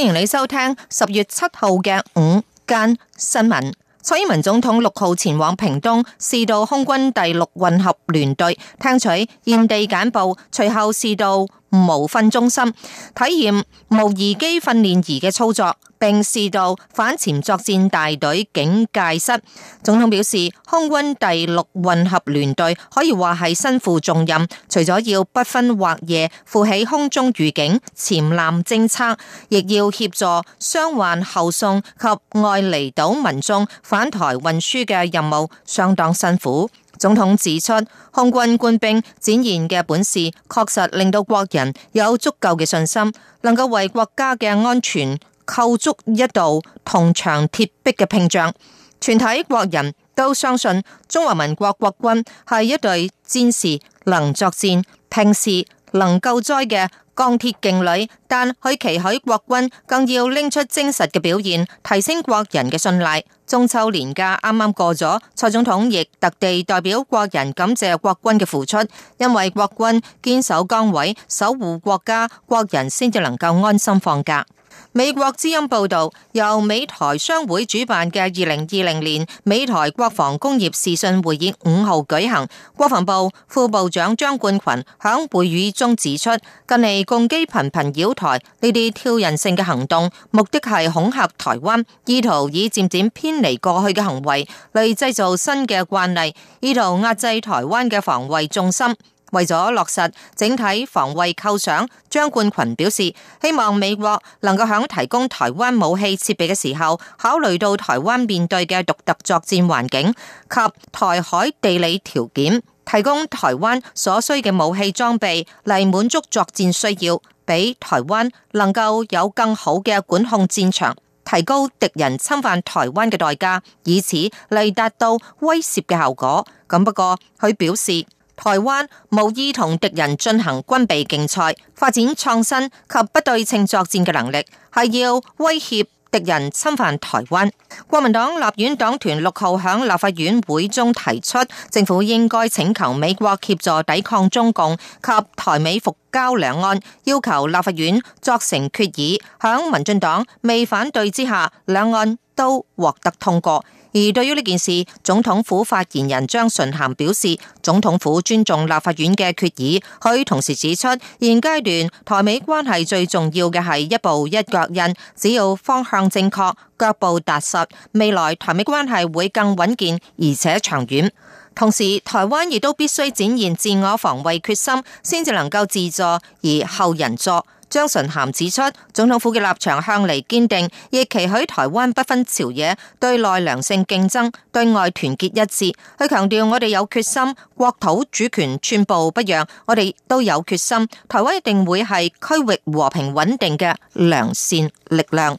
歡迎你收聽十月七號嘅午間新聞。蔡英文總統六號前往屏東，視導空軍第六混合聯隊，聽取現地簡報，隨後視導。模訓中心體驗模擬機訓練儀嘅操作，並視導反潛作戰大隊警戒室。總統表示，空軍第六混合聯隊可以話係身負重任，除咗要不分晝夜負起空中預警、潛艦偵測，亦要協助傷患後送及外離島民眾返台運輸嘅任務，相當辛苦。總統指出，空軍官兵展現嘅本事，確實令到國人有足夠嘅信心，能夠為國家嘅安全構築一道銅牆鐵壁嘅屏障。全體國人都相信中華民國國軍係一隊戰時能作戰，平時能救災嘅鋼鐵勁旅，但去期許國軍更要拎出真實嘅表現，提升國人嘅信賴。中秋年假啱啱過咗，蔡總統亦特地代表國人感謝國軍嘅付出，因為國軍堅守崗位，守護國家，國人先至能夠安心放假。美國之音報道，由美台商會主辦嘅二零二零年美台國防工業視訊會議五號舉行。國防部副部長張冠群響會議中指出，近嚟共機頻頻繞台，呢啲挑釁性嘅行動，目的係恐嚇台灣，意圖以漸漸偏離過去嘅行為嚟製造新嘅慣例，意圖壓制台灣嘅防衛重心。為咗落實整體防衛構想，張冠群表示，希望美國能夠響提供台灣武器設備嘅時候，考慮到台灣面對嘅獨特作戰環境及台海地理條件，提供台灣所需嘅武器裝備嚟滿足作戰需要，俾台灣能夠有更好嘅管控戰場，提高敵人侵犯台灣嘅代價，以此嚟達到威懾嘅效果。咁不過，佢表示。台灣無意同敵人進行軍備競賽，發展創新及不對稱作戰嘅能力，係要威脅敵人侵犯台灣。國民黨立院黨團六號響立法院會中提出，政府應該請求美國協助抵抗中共及台美復交兩案，要求立法院作成決議。響民進黨未反對之下，兩岸都獲得通過。而對於呢件事，總統府發言人張純涵表示，總統府尊重立法院嘅決議，佢同時指出現階段台美關係最重要嘅係一步一腳印，只要方向正確腳步踏實，未來台美關係會更穩健而且長遠，同時台灣亦都必須展現自我防衛決心，先至能夠自助而後人助。張惇涵指出，總統府嘅立場向嚟堅定，亦期許台灣不分朝野，對內良性競爭，對外團結一致。佢強調，我哋有決心，國土主權寸步不讓，我哋都有決心，台灣一定會係區域和平穩定嘅良善力量。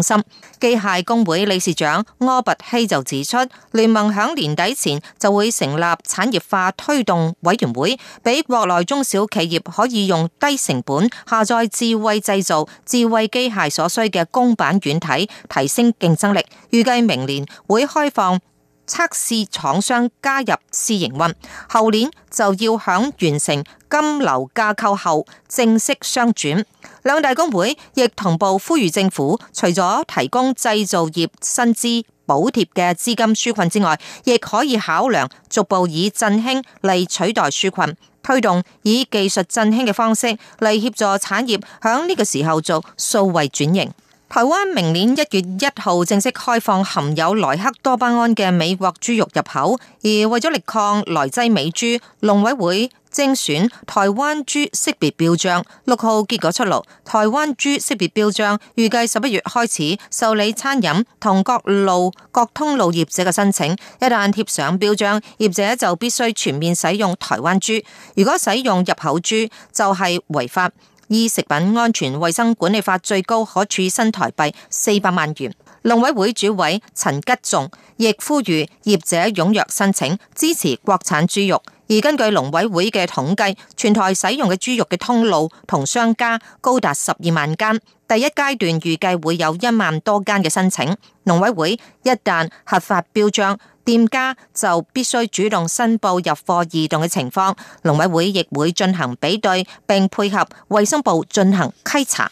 機械工會理事長柯拔希就指出，聯盟響年底前就會成立產業化推動委員會，俾國內中小企業可以用低成本下載智慧製造、智慧機械所需嘅公版軟體，提升競爭力。預計明年會開放測試廠商加入試營運，後年就要響完成金流架構後正式商轉。兩大工會亦同步呼籲政府，除咗提供製造業薪資補貼嘅資金紓困之外，亦可以考量逐步以振興嚟取代紓困，推動以技術振興嘅方式嚟協助產業響呢個時候做數位轉型。台灣明年一月一號正式開放含有萊克多巴胺嘅美國豬肉入口，而為咗力抗萊劑美豬，農委會精選台灣豬識別標章，六號結果出爐。台灣豬識別標章預計十一月開始受理餐飲同各路各通路業者嘅申請，一旦貼上標章，業者就必須全面使用台灣豬，如果使用入口豬就係、是、違法。依《食品安全衛生管理法》，最高可處新台幣四百萬元。農委會主委陳吉仲亦呼籲業者踴躍申請，支持國產豬肉。而根據農委會嘅統計，全台使用嘅豬肉嘅通路同商家高達十二萬間，第一階段預計會有一萬多間嘅申請。農委會一旦合法標章。店家就必須主動申報入貨異動嘅情況，農委會亦會進行比對，並配合衛生部進行稽查。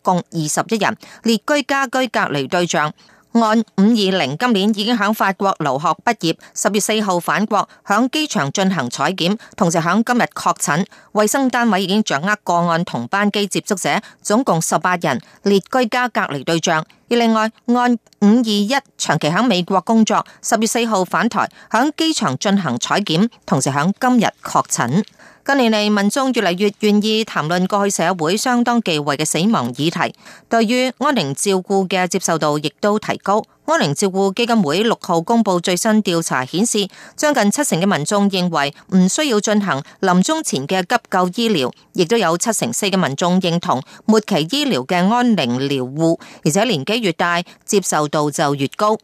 共二十一人列居家居隔離對象，案五二零今年已經響法國留學畢業，十月四號返國響機場進行採檢，同時響今日確診，衛生單位已經掌握個案同班機接觸者，總共十八人列居家隔離對象。另外，案五二一長期喺美國工作，十月四號返台，喺機場進行採檢，同時喺今日確診。近年嚟，民眾越嚟越願意談論過去社會相當忌諱嘅死亡議題，對於安寧照顧嘅接受度亦都提高。安寧照護基金會六號公布最新調查顯示，顯示將近七成嘅民眾認為唔需要進行臨終前嘅急救醫療，亦都有七成四嘅民眾認同末期醫療嘅安寧療護，而且年紀越大，接受度就越高。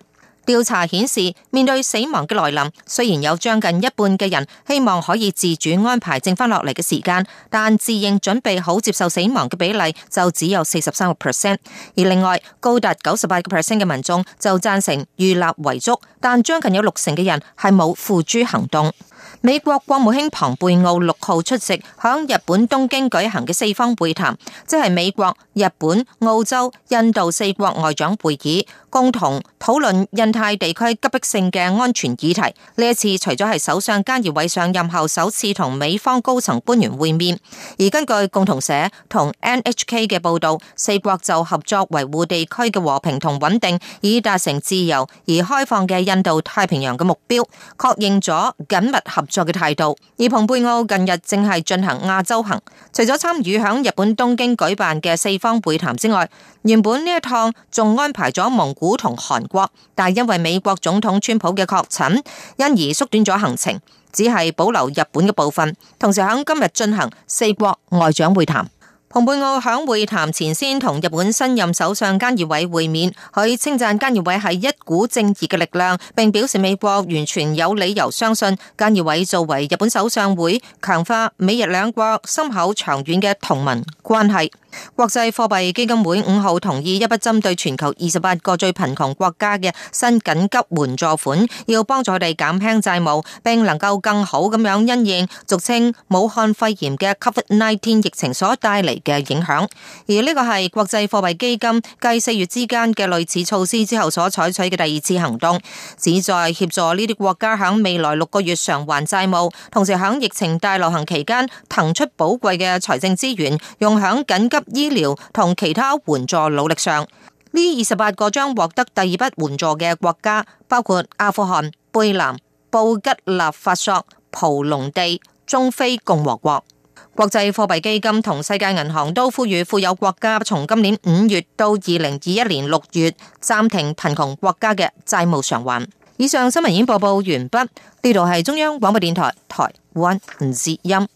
調查顯示，面對死亡嘅來臨，雖然有將近一半嘅人希望可以自主安排剩翻落嚟嘅時間，但自認準備好接受死亡嘅比例就只有四十三個 percent。而另外高達九十八個 percent 嘅民眾就贊成預立遺囑，但將近有六成嘅人係冇付諸行動。美國國務卿蓬佩奧六號出席響日本東京舉行嘅四方會談，即係美國、日本、澳洲、印度四國外長會議，共同討論印。係地區急迫性嘅安全議題呢一次除咗係首相菅義偉上任後首次同美方高層官員會面，而根據共同社同 NHK 嘅報道，四國就合作維護地區嘅和平同穩定，以達成自由而開放嘅印度太平洋嘅目標確認咗緊密合作嘅態度。而蓬佩奧近日正係進行亞洲行，除咗參與響日本東京舉辦嘅四方會談之外，原本呢一趟仲安排咗蒙古同韓國，但因為美國總統川普嘅確診，因而縮短咗行程，只係保留日本嘅部分，同時響今日進行四國外長會談。蓬佩奧響會談前先同日本新任首相菅義偉會面，佢稱讚菅義偉係一股正義嘅力量，並表示美國完全有理由相信菅義偉作為日本首相會強化美日兩國深厚長遠嘅同盟關係。國際貨幣基金會五號同意一筆針對全球二十八個最貧窮國家嘅新緊急援助款，要幫助佢哋減輕債務，並能夠更好咁樣因應俗稱武漢肺炎嘅 COVID-19 疫情所帶嚟嘅影響。而呢個係國際貨幣基金繼四月之間嘅類似措施之後所採取嘅第二次行動，旨在協助呢啲國家喺未來六個月償還債務，同時喺疫情大流行期間騰出寶貴嘅財政資源，用喺緊急醫療同其他援助努力上，呢二十八個將獲得第二筆援助嘅國家包括阿富汗、貝南、布吉納法索、蒲隆地、中非共和國。國際貨幣基金同世界銀行都呼籲富有國家從今年五月到二零二一年六月暫停貧窮國家嘅債務償還。以上新聞已經播報完畢，呢度係中央廣播電台台灣之音。